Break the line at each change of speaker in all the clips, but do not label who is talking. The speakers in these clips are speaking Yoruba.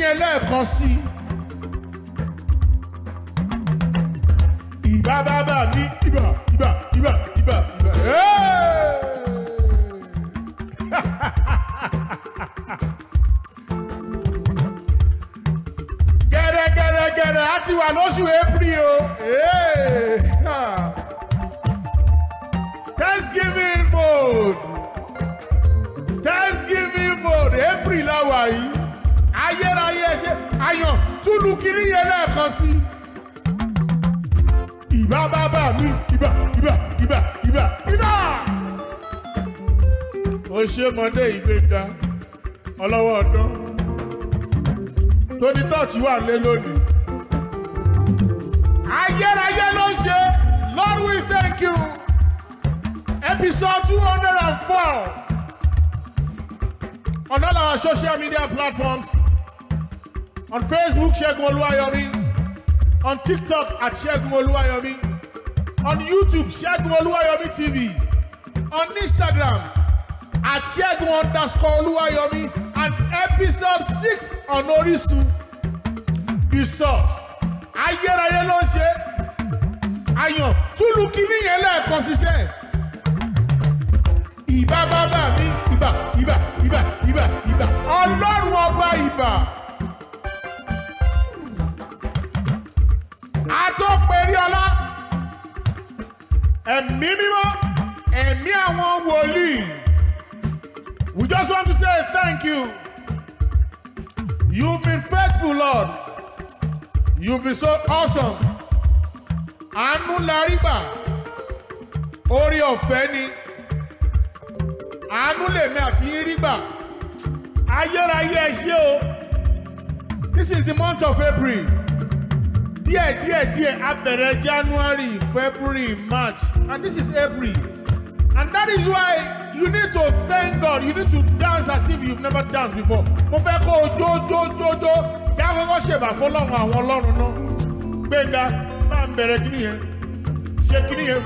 yẹn lẹ́ẹ̀kan sí i. ìbá bàbá mi ìbà. lulu kiri yẹn lẹ́ẹ̀kan sí ìbá bàbá mi ìbá ìbá ìbá ìbá ìbá. ó ṣe mọ́dé ìgbéga ọlọ́wọ́ ọdún tóní tọ́ọ̀tì wà lé lónìí. ayérayé ló ń ṣe Lord we thank you episode two hundred and four on all our social media platforms on Facebook Ṣẹ́gun Olúwayọ̀mí on TikTok at Ṣẹ́gun Olúwayọ̀mí on YouTube Ṣẹ́gun Olúwayọ̀mí TV on Instagram at Ṣẹ́gun underscore Olúwayọ̀mí and episode six on Orísun the source ayérayé ló ń ṣe ayọ̀ túlù kínní yẹn lẹ́ẹ̀kan ṣiṣẹ́ ìbá bàbá mi ìbà ìbà ìbà ìbà ìbà ọlọ́run ọba ìbà. àtọ́pẹ̀rí ọlá ẹ̀mí mímọ́ ẹ̀mí àwọn wòlíì we just want to say thank you you've been faithful Lord you've been so awesome àánú larí gbà orí ọ̀fẹ́ ni àánú lèmi àti yín rí gbà ayérayé ẹ ṣé o this is the month of April díẹ̀ díẹ̀ díẹ̀ a January February March and this is April and that is why you need to thank God you need to dance as if you've never danced before mo fẹ́ kó o jó jó jó jó kí akọ́kọ́ ṣèbà fọlọ́run àwọn ọlọ́run náà gbẹ̀ngà máa bẹ̀rẹ̀ kí nìyẹn ṣe kí nìyẹn.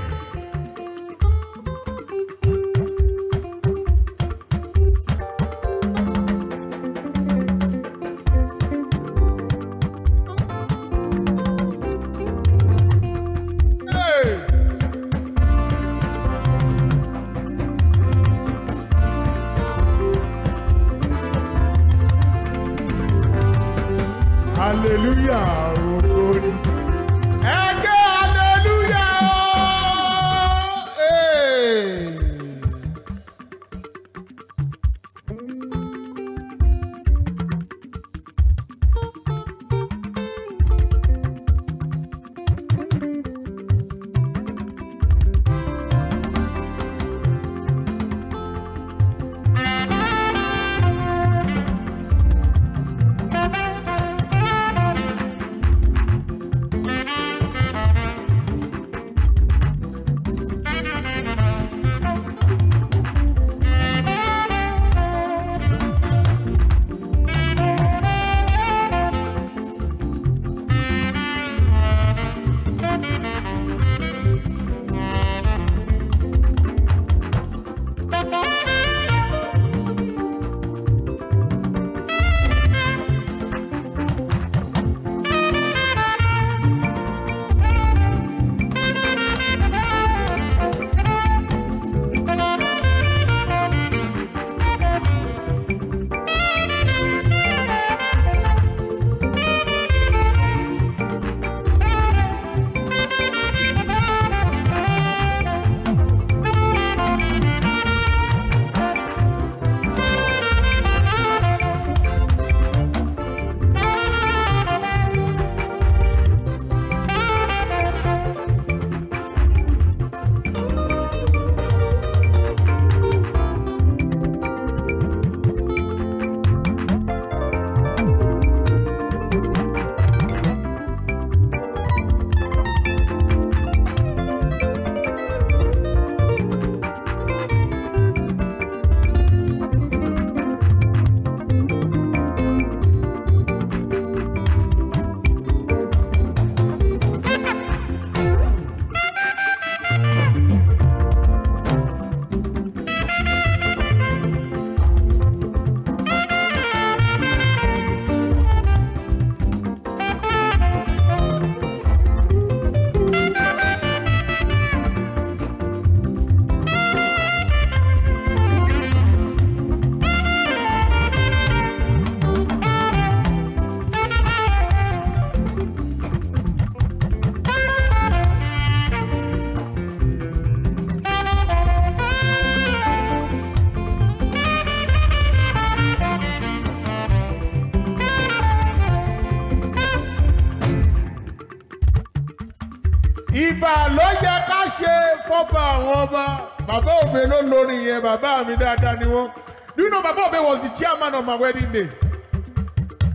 yẹn bàbá mi dáadáa ni wọ́n do you know bàbá Obe was the chairman of my wedding day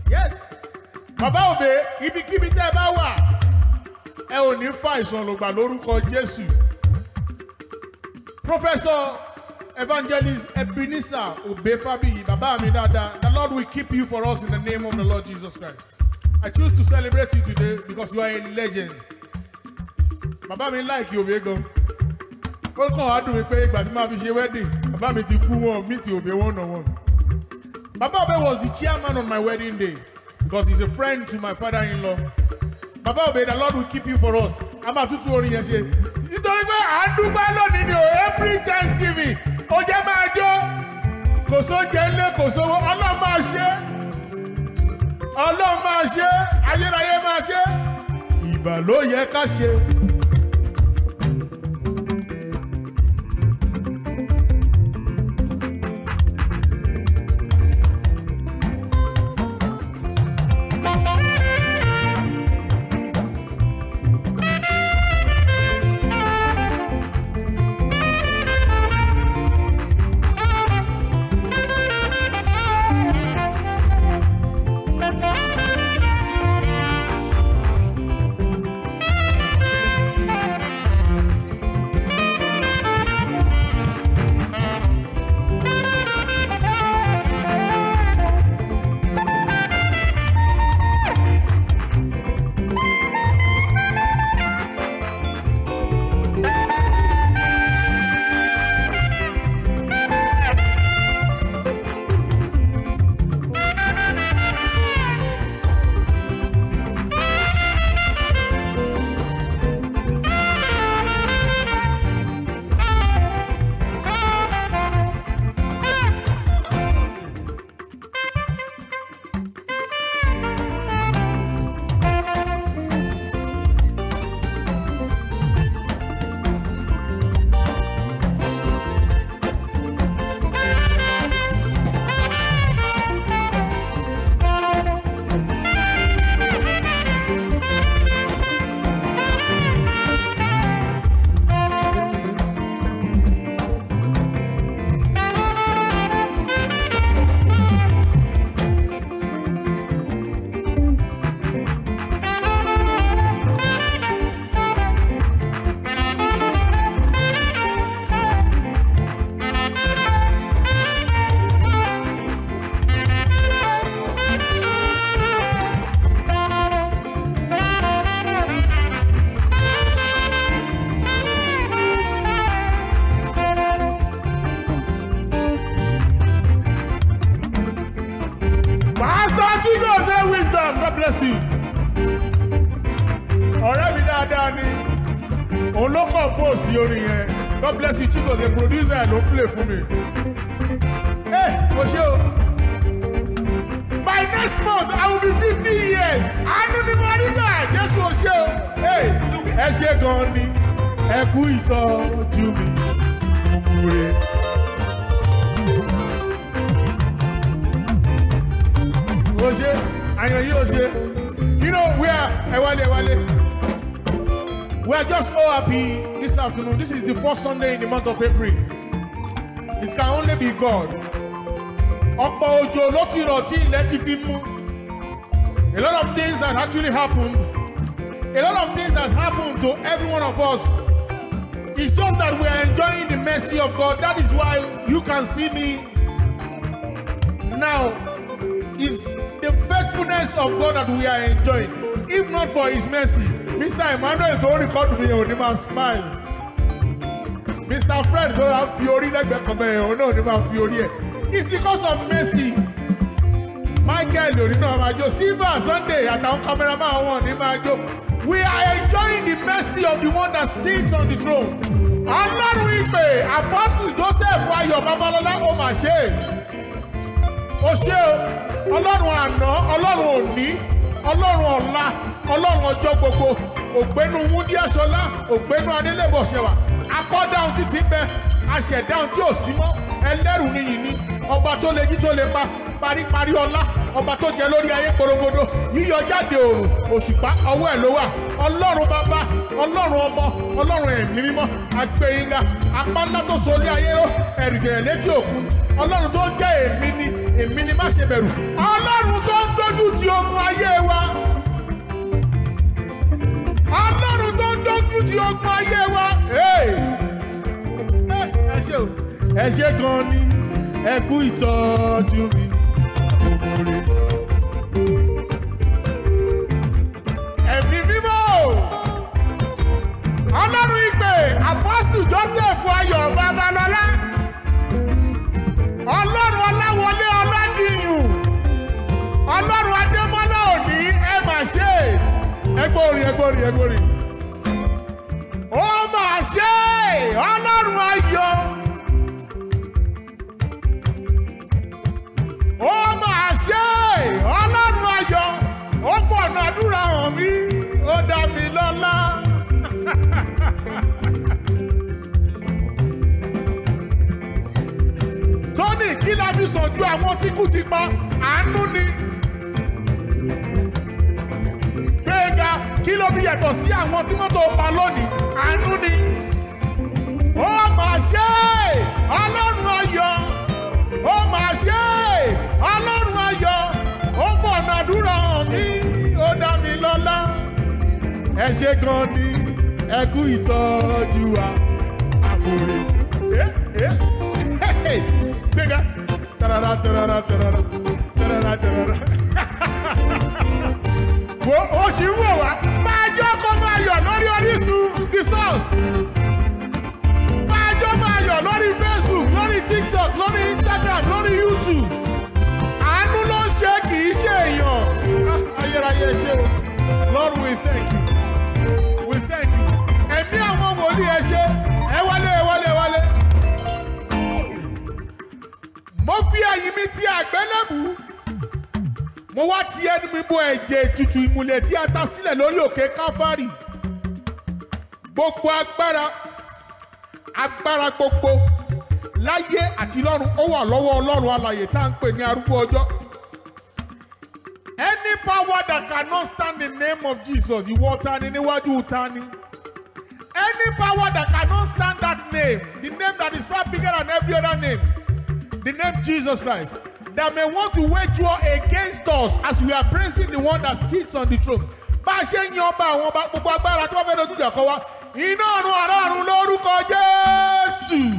yes bàbá Obe ibikíbi tẹ́ ẹ bá wà ẹ ò ní fa ìsọ̀lùgbà lórúkọ Jésù Professor Evangelist Ebenezer Obe Fabiyi bàbá mi dáadáa the Lord will keep you for us in the name of the Lord Jesus Christ I choose to celebrate you today because you are a legend bàbá mi like Obe gan ó kàn wá dùn mí pé ìgbà tí màá fi ṣe wedding bàbá mi ti kú wọn mi ti òbí wọn nà wọn. Baba Obe was the chairman on my wedding day because he's a friend to my father-in-law. Baba Obe, the Lord will keep you for us. A máa tútù orin yẹn ṣe. Nítorí pé à ń dúpẹ́ lónìí ni o, every Thanksgiving, ó jẹ́ máa jó. Kò sóúnjẹ ńlẹ̀ kò sówó, Ọlọ́run máa ṣe. Ọlọ́run máa ṣe, ayérayé máa ṣe. Ìbà ká ṣe. ṣe gan ni ẹ ìtọ́jú mi kúkúrẹ́. o ṣe àyàn yìí o ṣe you know we are ẹ wálé ẹ wálé we are just so happy this afternoon this is the first Sunday in the month of April it can only be God ọ̀pọ̀ òjò ló ti rọ̀ tí ilẹ̀ ti fi mú a lot of things that actually happened. A lot of things has happened to every one of us. It's just that we are enjoying the mercy of God. That is why you can see me now. It's the faithfulness of God that we are enjoying. If not for His mercy, Mr. Emmanuel tó record mi ò ní máa smile. Mr. Fred Don't ra fi orí lẹ́gbẹ̀ẹ́ kan bẹ́ẹ̀ òun náà ní máa fi orí It's because of mercy. Michael òní náà máa jó. Silver Sunday I don't àtàwọn cameraman wọn ní máa jó we are enjoying the mercy of the one that sits on the throne. ọlọ́run ìpè apostle joseph ayọ̀ babalọ́lá ó mà ṣe ó ṣe ọlọ́run àná ọlọ́run òní ọlọ́run ọ̀la ọlọ́run ọjọ́ gbogbo ògbénu wúndí ẹ̀ṣọ́lá ògbénu adélébọ̀ṣẹ̀wà akọ́dáhùn títí bẹ aṣẹ̀dáhùn tí ò sí mọ́ ẹlẹ́rù níyì ni ọba tó lè jí tó lè pa paríparí ọlá ọba tó jẹ lórí ayé porogodo yíyọ jáde òòrùn òṣùpá ọwọ́ ẹ̀ ló wà ọlọ́run bàbá ọlọ́run ọmọ ọlọ́run ẹ̀mí mímọ́ àgbẹ̀yìnga apá ńlá tó so ilé ayé ró ẹ̀rìndẹ̀rẹ̀ létí òkun ọlọ́run tó jẹ́ èmi ni èmi ni má ṣe bẹ̀rù ọlọ́run tó ń dójú ti ogun ayé wa ọlọ́run tó ń dójú ti ogun ayé wa ẹ ṣe gan ni ẹ kú ìtọ́jú mi òmùrè. ẹ̀mí mímọ́ ọlọ́run ìpè apọ́sù Joseph Ayọ̀ Babalọ́lá ọlọ́run Ọláwọlé Ọládìyún ọlọ́run Adémọ́lá Òní ẹ mà ṣe ẹgbórin ẹgbórin ẹgbórin ó mà ṣe ọlọ́run ayọ̀. ó máa ṣe ọlọ́run ayọ̀ ó fọ̀nà àdúrà hàn mí ó dá mi lọ́lá. tóní kí la fi sọ ju àwọn tí kú ti pa àánú ni. gbẹ̀ngà kí ló fi yàtọ̀ sí àwọn tí mọ́tò pa lónìí àánú ni. ó máa ṣe ọlọ́run ayọ̀ ó mà ṣe ọlọ́run ayọ̀ ó fọ̀nà àdúrà hàn mí ó dá mi lọ́lá ẹ ṣé gan ni ẹ kú ìtọ́jú wa àkórè. gbẹ̀gà tarara tarara tarara tarara tarara wo ó ṣì ń wọ̀ wá. mo wá ti ẹnu mi bọ ẹ̀jẹ̀ ètùtù ìmùlẹ̀ tí a ta sílẹ̀ lórí òkè káfárì gbogbo agbára agbára gbogbo láyé àti lọ́run ó wà lọ́wọ́ ọlọ́run alàyè tá à pè ní arúgbó ọjọ́ any power that cannot stand the name of Jesus ìwọ ta ni níwájú ta ni any power that cannot stand that name the name that is far bigger than every other name the name Jesus Christ that may want to wage war against us as we are praising the one that sits on the throne. bá a ṣe ń yan ọba àwọn ọba gbogbo agbára tí wọ́n fẹ́ dojú ìjà kọ wa iná ọ̀run àrà lórúkọ Jésù.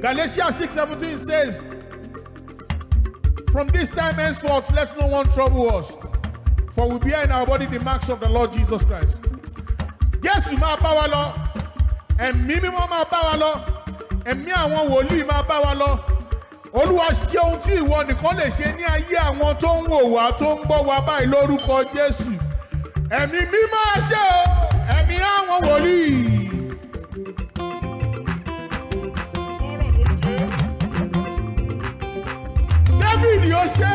Galatians six seventeen says from this time henceforth let no one trouble us for we bear in our body the marks of the Lord Jesus Christ. Jésù máa bá wa lọ ẹ̀mí mímọ́ máa bá wa lọ ẹ̀mí àwọn wòlíì máa bá wa lọ olúwa ṣe ohun tí ìwọ nìkan lè ṣe ní ayé àwọn tó ń wò wá tó ń gbọ́ wa báyìí lórúkọ jésù ẹ̀mí mímọ́ ṣe o ẹ̀mí àwọn wòlíì. David ó ṣe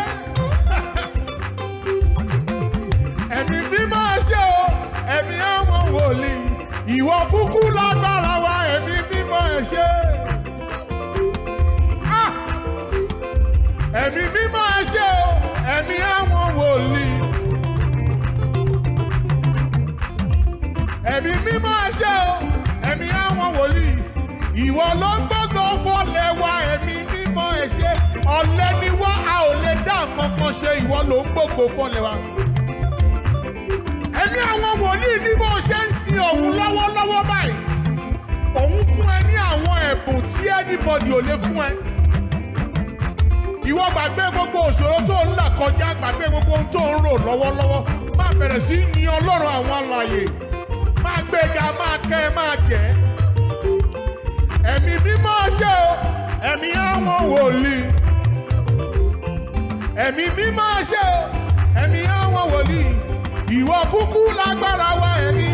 ẹ̀mí mímọ́ ṣe o ẹ̀mí àwọn wòlíì ìwọ kúkú lágbára wa ẹ̀mí mímọ́ ṣe. ìwọ ló ń gbọ́dọ̀ fọlẹ̀ wa ẹ̀mí mímọ́ ẹ̀ ṣe ọ̀lẹ ni wá a ò lè dá nǹkan kan ṣe ìwọ ló ń gbogbo fọlẹ̀ wa. ẹ̀mí àwọn wòlíì ní bó ṣe ń sin òun lọ́wọ́lọ́wọ́ báyìí
òun fún ẹ ní
àwọn ẹ̀bùn tí anybody ò lè fún ẹ ìwọ gbàgbé gbogbo òṣòro tó ń là kọjá gbàgbé gbogbo ohun tó ń rò lọ́wọ́lọ́wọ́ máa bẹ̀rẹ̀ sí ní ọlọ́run àwọn alààyè máa gbéga máa kẹ́ máa gẹ̀ẹ́ ẹ̀mí mímọ́ ṣe o ẹ̀mí àwọn wòlíì ẹ̀mí mímọ́ ṣe o ẹ̀mí àwọn wòlíì ìwọ kúkú lágbára wa ẹ̀mí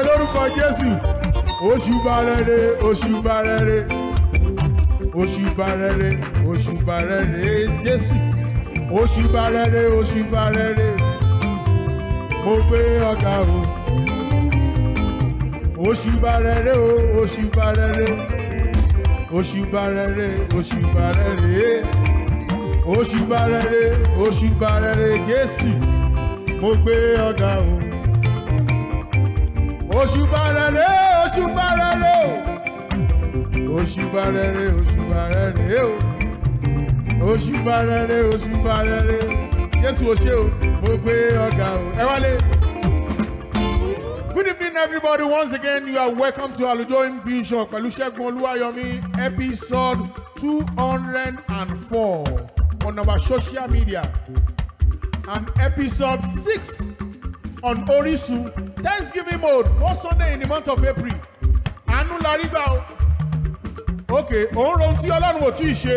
rere lórúkọ Jésù òṣùbà rere òṣùbà rere òṣùbà rere òṣùbà rere Jésù òṣùbà rere òṣùbà rere mo gbé ọ̀gá o òṣùbà rere o òṣùbà rere òṣùbà rere òṣùbà rere òṣùbà rere òṣùbà rere Jésù mo gbé ọ̀gá o òṣùbà rere o òṣùbà rere o òṣùbà rere òṣùbà rere o mo gbé ọ̀gá o ẹ wálé. Good evening everybody once again you are welcome to AlujoHymn Fusion pẹ̀lú Ṣẹ́gun Olúwayọ̀mí episode two hundred and four on our social media and episode six on Orisun thanksgiving mode first sunday in the month of april Anu lari rí gbà o ok òun rohun tí ọlọ́run ò tí ì ṣe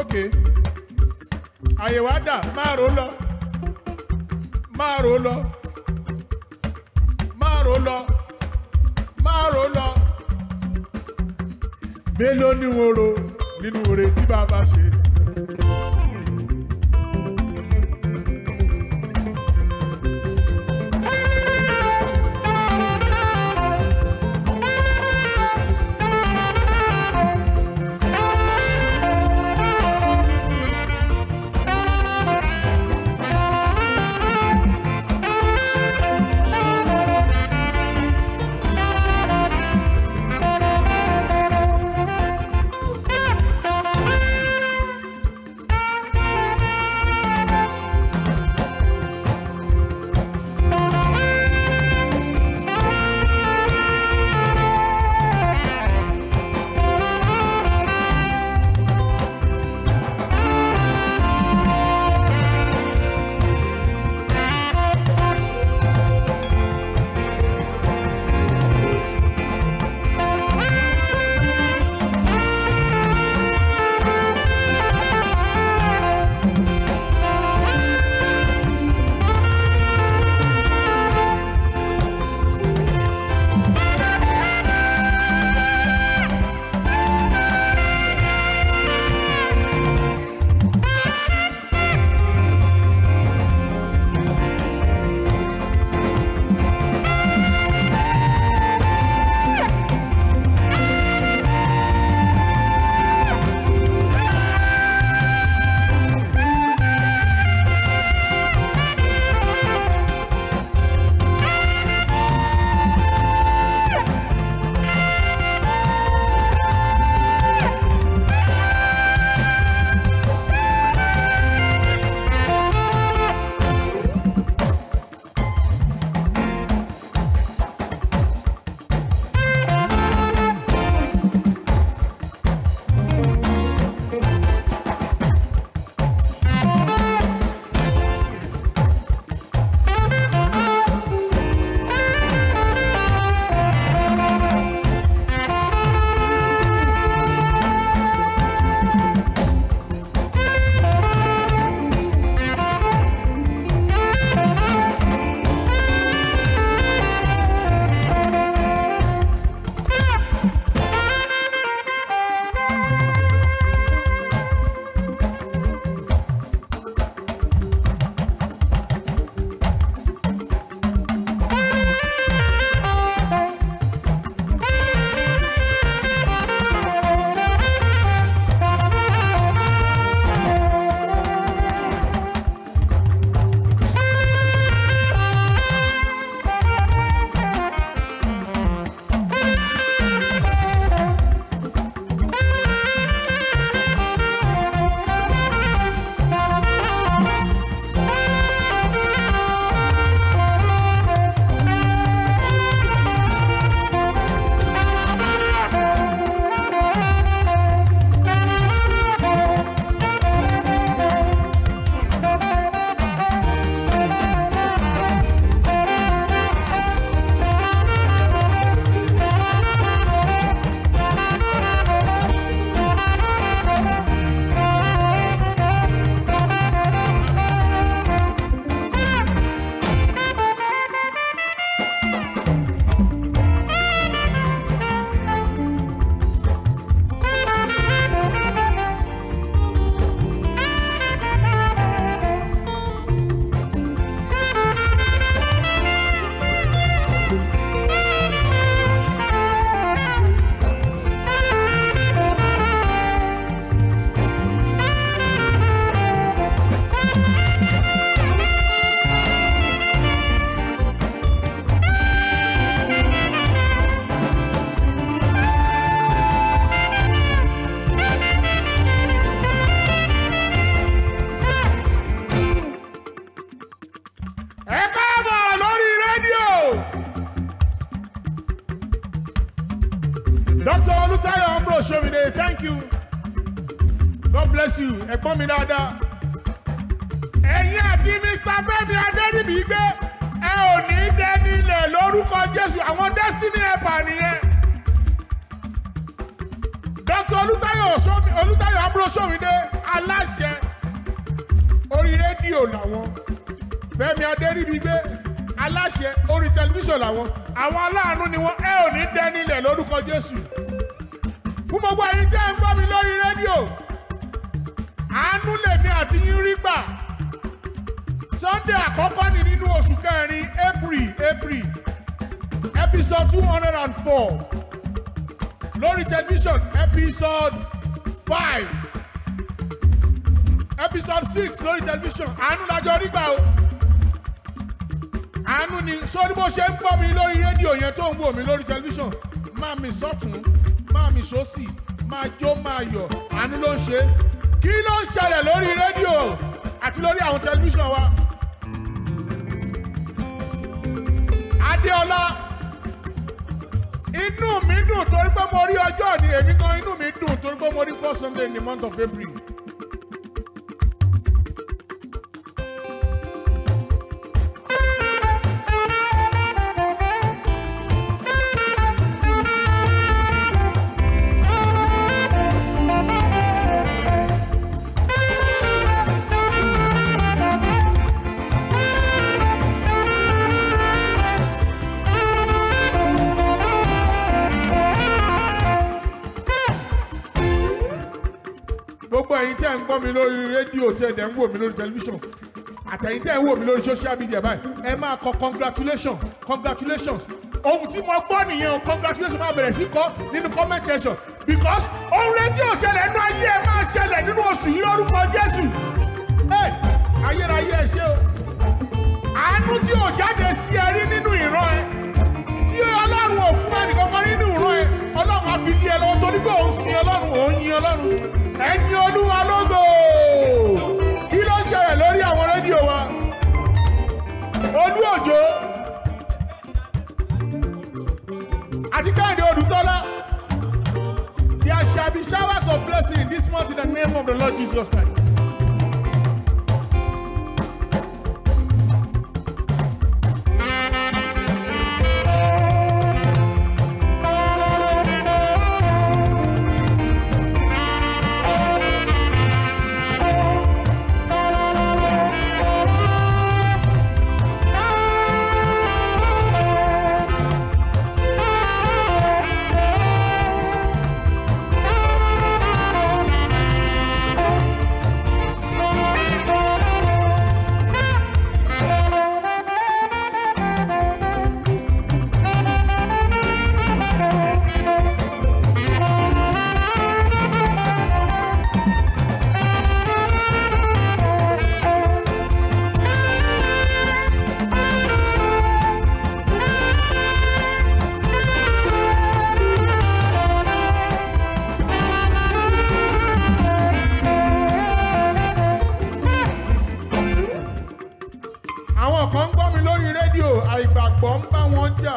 ok àyẹ̀wò á dà máa rò lọ máa rò lọ máa rò lọ máa rò lọ mélòó ni wọ́n ro nínú oore tí bàbá ṣe. ṣe orí tẹlifíṣàn làwọn àwọn aláàánú ni wọn ẹ ò ní dẹni ilẹ̀ lórúkọ Jésù fún gbogbo ẹ̀yin tẹ́ ń gbọ́ mi lórí rédíò àánú lèmi àti yín rí gbà Sunday àkọ́kọ́ ni nínú oṣù kẹrin April April episode two hundred and four lórí tẹlifíṣàn episode five episode six lórí tẹlifíṣàn àánú lájọ rí gbà o àánú ni sórí bó ṣe ń gbọ́ mi lórí rédíò yẹn tó ń wò mí lórí tẹlifíṣàn máa mi sọ́tún máa mi sósì máa jó máa yọ̀ àánú ló ń ṣe kí ló ń ṣẹlẹ̀ lórí rédíò àti lórí àwọn tẹlifíṣàn wa. Adéọlá inú mi dùn torí pé mo rí ọjọ́ ni èmi gan inú mi dùn torí pé mo rí first Sunday in the month of April. gbọ́ mi lórí rédíò tẹ́ ẹ̀ ń wò mí lórí tẹlifíṣàn àtẹ̀yìn tẹ́ ẹ̀ ń wò mí lórí social media báyìí ẹ máa kọ congratulations congratulations ohun tí mo gbọ́ nìyẹn o congratulations máa bẹ̀rẹ̀ sí kọ́ nínú comment section because ohun rédíò ṣẹlẹ̀ nínú ayé ẹ máa ṣẹlẹ̀ nínú oṣù yìí lórúkọ Jésù ẹ ayérayé ẹ ṣe o àánú tí ò jáde sí ẹ rí nínú ìran ẹ tí Ọlọ́run ò fún ẹnìkankan nínú ìran ẹ Ọlọ́run á fi lé ẹ lọ́wọ́ torí pé òun sin Ọlọ́run òun yin Ọlọ́run ẹ̀yin olúwa lógo kí ló ṣẹlẹ̀ lórí àwọn rédíò wa olú òjò àti kẹ́hìndé olùtọ́lá there shall be showers of blessing this month in the name of the Lord Jesus Christ. àgbọ̀ ń bá wọn jà.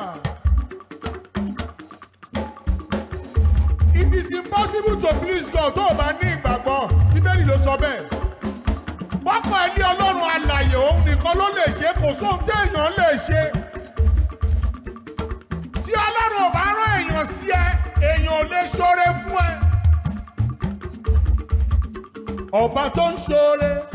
It is impossible to please God tó o bá ní ìgbàgbọ́ bíbélì ló sọ bẹ́ẹ̀. pápá ilé ọlọ́run alàyè òun nìkan ló lè ṣe kò sóhun tí èèyàn lè ṣe. tí ọlọ́run ò bá rán èèyàn sí ẹ èèyàn ò lè ṣoore fún ẹ. ọba tó ń ṣoore.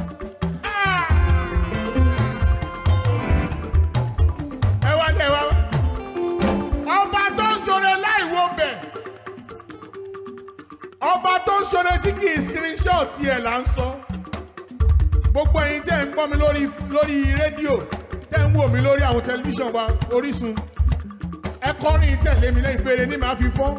ṣoore tí kì í screenshot tiẹ̀ là ń sọ gbogbo ẹ̀yin tẹ́ ń gbọ́ mi lórí lórí rédíò tẹ́ ń wò mí lórí àwọn tẹlifíṣàn wa Orísun ẹ kọrin tẹ̀lé mi lẹ́yìn fèrè ní màá fi fọ́n.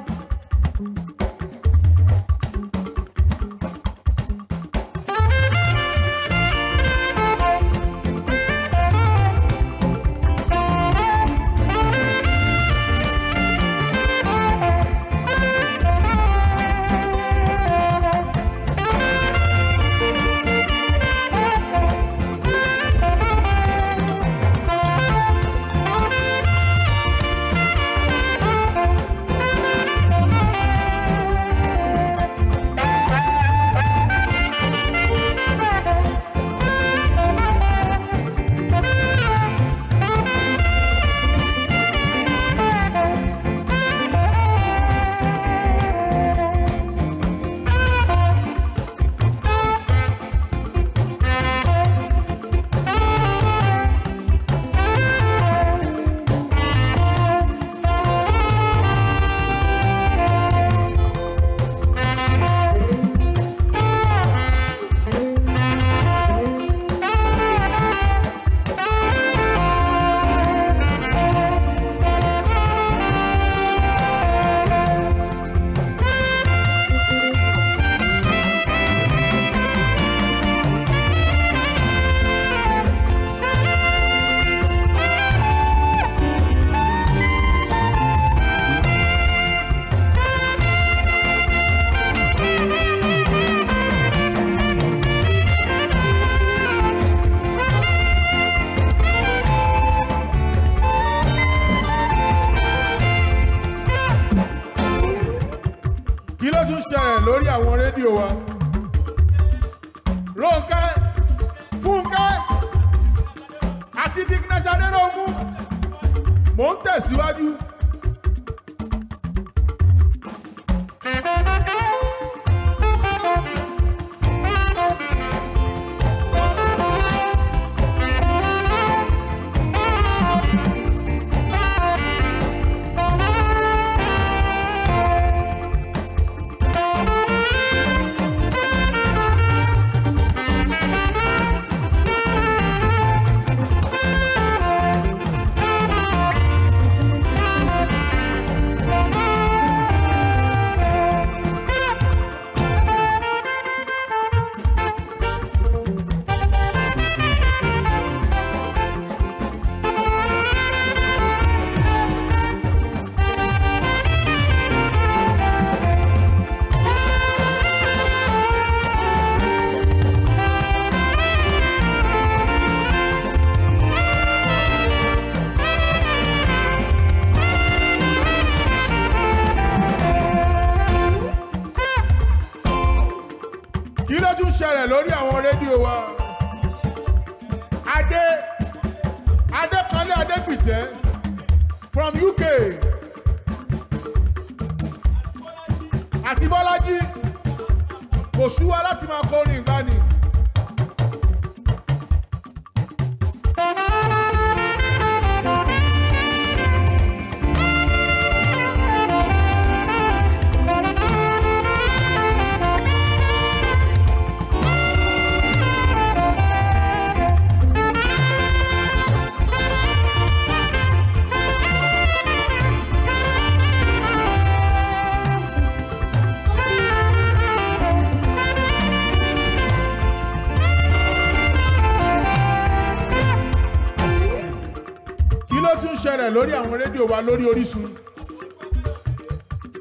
lórí àwọn rédíò wa lórí Orísun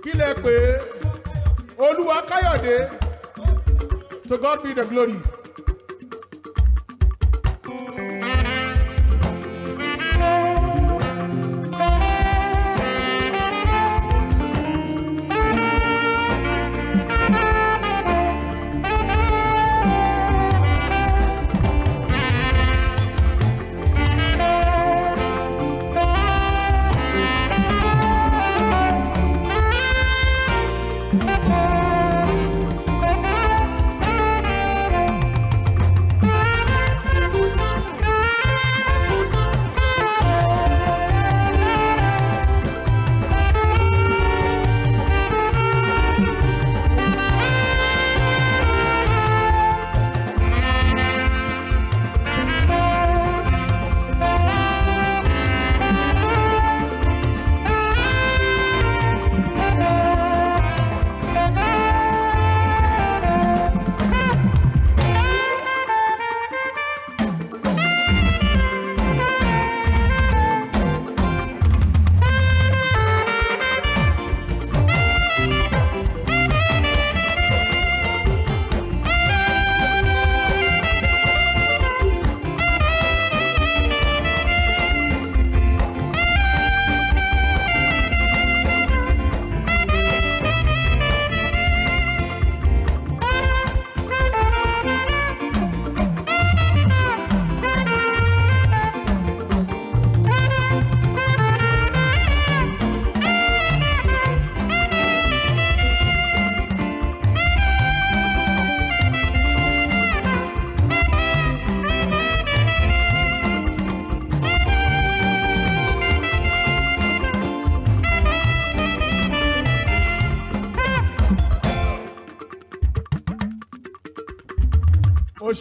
kí lẹ pé Olúwa Káyọ̀dé to God be the glory.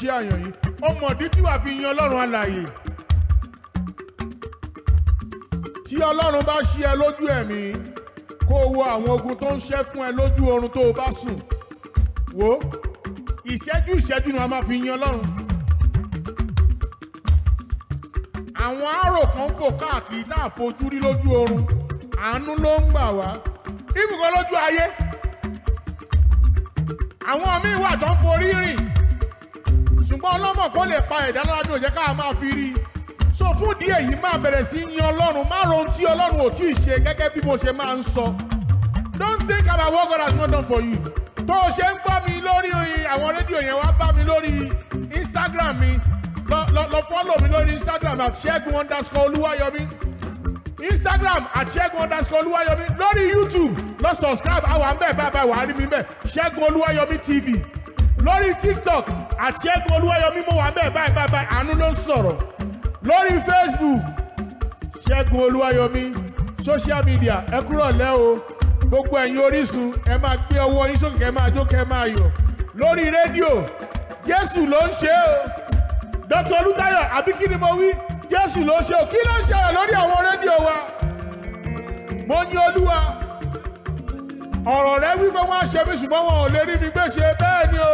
ṣe àyàn yìí ọmọdé tí wàá fi yan ọlọ́run alààyè tí ọlọ́run bá ṣí ẹ lójú ẹ̀mí kó o wo àwọn ogun tó ń ṣẹ́ fún ẹ lójú oorun tó o bá sùn wò ó ìṣẹ́jú ìṣẹ́jú ni wọ́n máa fi yan ọlọ́run àwọn àrò kan fò káàkiri tá fojú rí lójú oorun àánú ló ń gbà wá ibùkún lójú ayé àwọn míì wà tó ń forí rìn ọlọ́mọ̀ kó lè pa ẹ̀dá ládùn jẹ́ ká máa fi rí so fún díẹ̀ yìí máa bẹ̀rẹ̀ sí yin ọlọ́run má ro tí ọlọ́run ò tí ì ṣe gẹ́gẹ́ bí mo ṣe máa ń sọ don't think about what God has not done for you tó o ṣe ń gbọ́ mi lórí àwọn rédíò yẹn wá bá mi lórí Instagram mi lọ lọ fọ́lọ̀ mi lórí Instagram at Ṣẹ́gun underscore Olúwayọ̀mí Instagram at Ṣẹ́gun underscore Olúwayọ̀mí lórí YouTube lọ subscribe àwọn àmbẹ̀ bàbá wàá rí mi bẹ́ẹ̀ Ṣẹ́gun Olúwayọ̀mí TV lórí tiktok àti Ṣẹ́gun Olúwayọ̀mí mo wà bẹ́ẹ̀ báyìí báyìí àánú ló ń sọ̀rọ̀ lórí facebook Ṣẹ́gun Olúwayọ̀mí social media ẹ kúrò lẹ́ o gbogbo ẹ̀yin Orísun ẹ máa gbé ọwọ́ yín sókè ẹ máa jó kẹ́ ẹ máa yọ̀ lórí rédíò Jésù ló ń ṣe o Dr. Olútáyọ̀ àbí kí ni mo wí Jésù ló ń ṣe o kí ló ń ṣẹlẹ̀ lórí àwọn rédíò wa mo ní Olúwa ọ̀rọ̀ rẹ wípé wọ́n á ṣe mí ṣùgbọ́n wọn ò lè rí mi gbé ṣe bẹ́ẹ̀ ni o.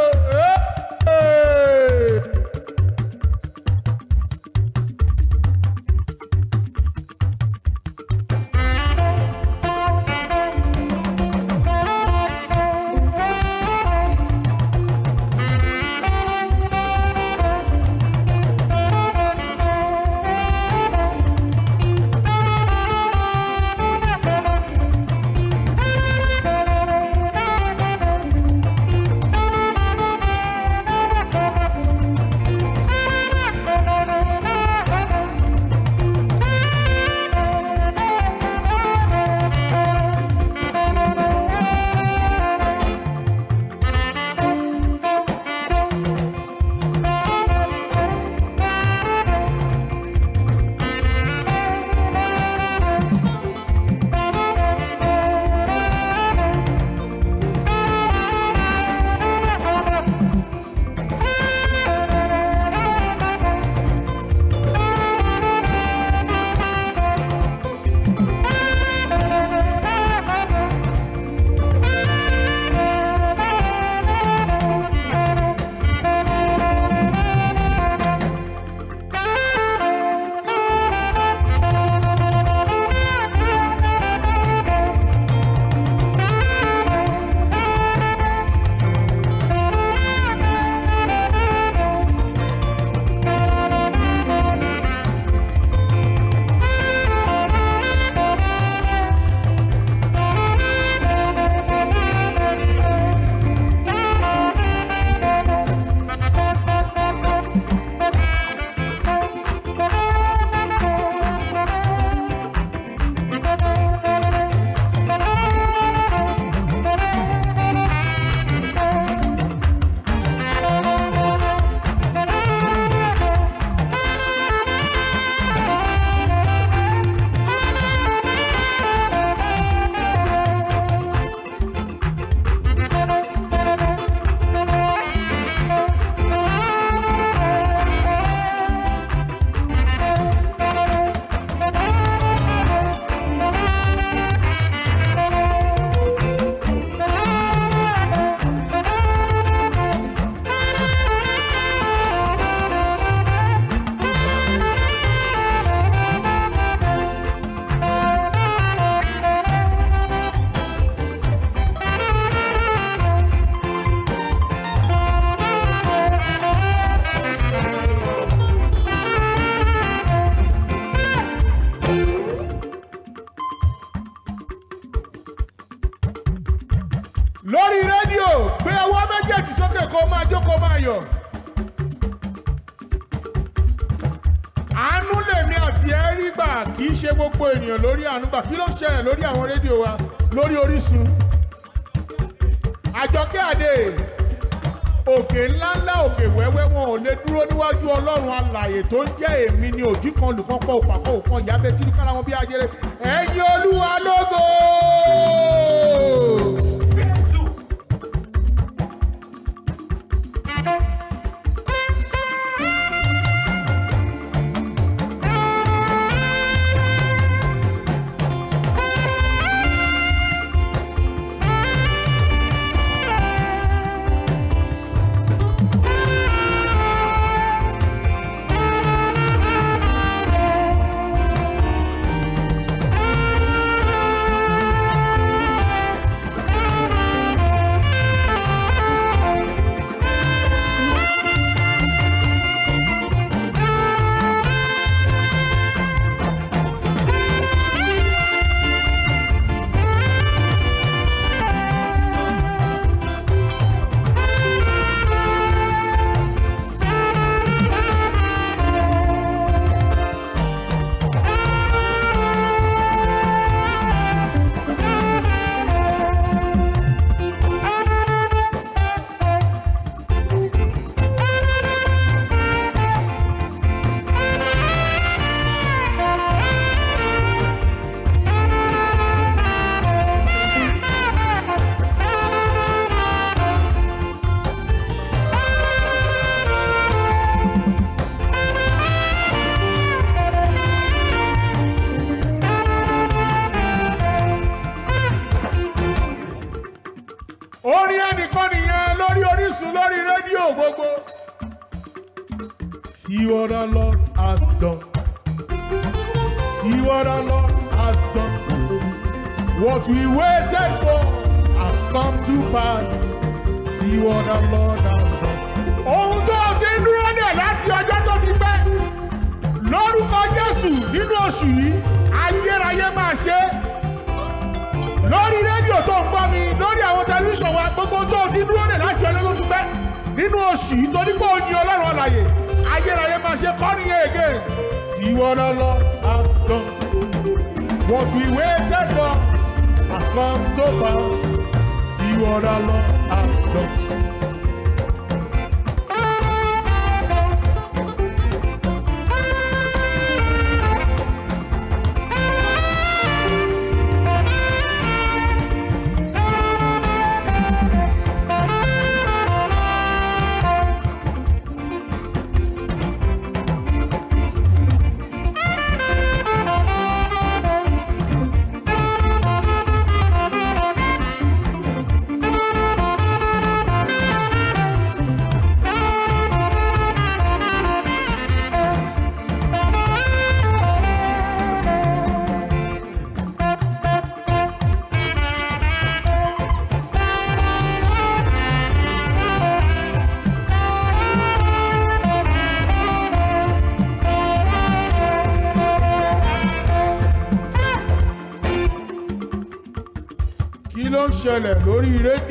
sí torí pé ó ọlọ́run àlàyé ayérayé máa ṣe kọ́rin again. See what our Lord has done. What we waited for has come to pass. See what our Lord has done. ṣẹlẹ̀ lórí rédíò.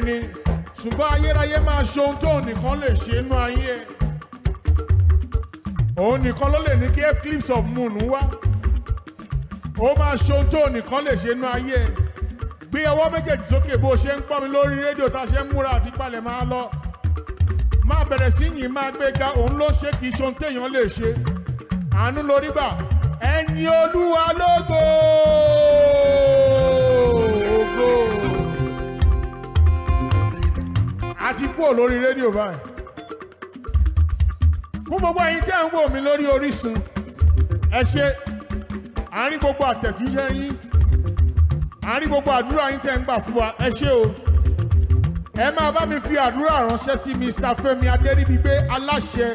bẹ́ẹ̀ ni ṣùgbọ́n ayérayé máa ṣe ohun tóun nìkan lè ṣe inú ayé ẹ òun nìkan ló lè ní kí eclipse of moon wá ó máa ṣe ohun tóun nìkan lè ṣe inú ayé ẹ gbé ọwọ́ méjèèjì sókè bó ṣe ń pọ́n mi lórí rédíò tá a ṣe ń múra àti palẹ̀ máa lọ máa bẹ̀rẹ̀ sí yìí máa gbéga òun ló ṣe kì í ṣe ohun téèyàn lè ṣe àánú lórí gbà ẹ̀yin olúwa lógo. oh. àti kúrò lórí rédíò báyìí fún gbogbo ẹ̀yin tí ẹ ń wò mí lórí Orísun ẹ ṣé àárín gbogbo àtẹ̀jíṣẹ́ yín àárín gbogbo àdúrà yín tẹ́ ń gbà fún wa ẹ ṣé o ẹ máa bá mi fi àdúrà ránṣẹ́ sí Mr. Fẹ́mi Adéríbigbé aláṣẹ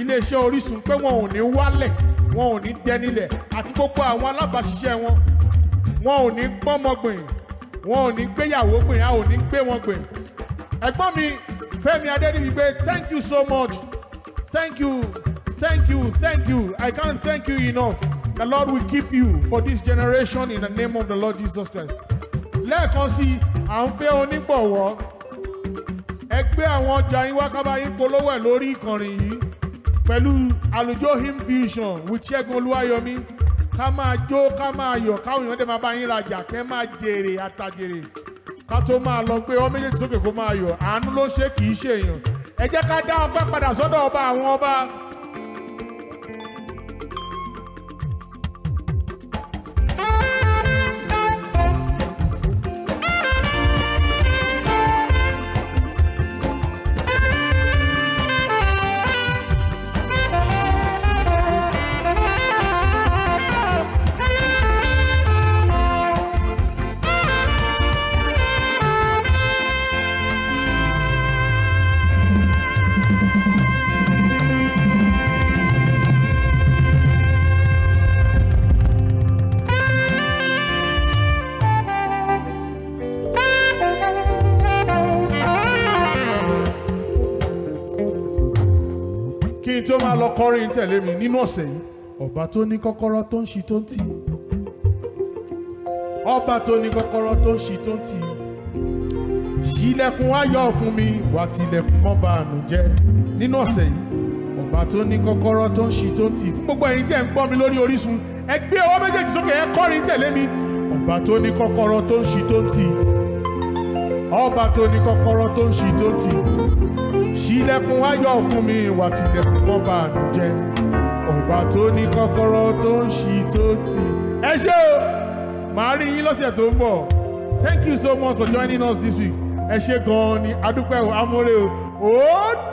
iléeṣẹ́ Orísun pé wọn ò ní wálẹ̀ wọn ò ní dẹnilẹ̀ àti gbogbo àwọn alábàáṣiṣẹ́ wọn wọn ò ní gbọ́mọgbìn wọn ò ní gbéyàwó gbìn a ò ní gbé wọn gbìn ẹ̀gbọ́n mi Fẹ́mi Adédìgbé thank you so much thank you thank you thank you I can't thank you enough the Lord will keep you for this generation in the name of the Lord Jesus Christ lẹ́ẹ̀kan sí à ń fẹ́ onígbọ̀wọ́ ẹgbẹ́ àwọn ọjà yín wá kábàá yín polówó ẹ̀ lórí ìkànnì yìí pẹ̀lú àlùjọ hymn fusion with Ṣẹ́gun Olúwayọ̀mí ká máa jó ká máa yọ̀ káwọn èèyàn dẹ̀ máa bá yín rajà kẹ́ máa jèrè àtàjèrè ká tó máa lọ gbé ọ méjèèjì sókè kó máa yọ àánú ló ṣe kì í ṣe ẹ jẹ́ ká dá ọgbẹ́ padà sọ́dọ̀ ọba àwọn ọba tẹ̀lé mi nínú ọ̀sẹ̀ yìí ọba tó ní kọ́kọ́rọ́ tó ń ṣí tó ń tì ọba tó ní kọ́kọ́rọ́ tó ń ṣí tó ń tì ṣílẹ̀kùn ayọ̀ fún mi wà tilẹ̀kùn mọ́ bá àánú jẹ́ nínú ọ̀sẹ̀ yìí ọba tó ní kọ́kọ́rọ́ tó ń ṣí tó ń tì fún gbogbo ẹ̀yin tẹ̀ ń gbọ́ mi lórí Orísun ẹ gbé ọwọ́ méjèèjì sókè ẹ kọrin tẹ̀lé mi ọba tó ní kọ́kọ́rọ́ tó ń ṣí tó ń tì ọba tó ní kọ́kọ́rọ́ tó ń ṣí tó ń tì ṣílẹ̀kùn ayọ̀ fún mi ìwà tilẹ̀kùn mọ́ bá a dùn jẹ́ ọba tó ní kọ́kọ́rọ́ tó ń ṣí tó ti. ẹ ṣé o màá rí yín lọ́sẹ̀ tó ń bọ̀ thank you so much for joining us this week
ẹ ṣé gan-an ni adúpẹ́ o amóre o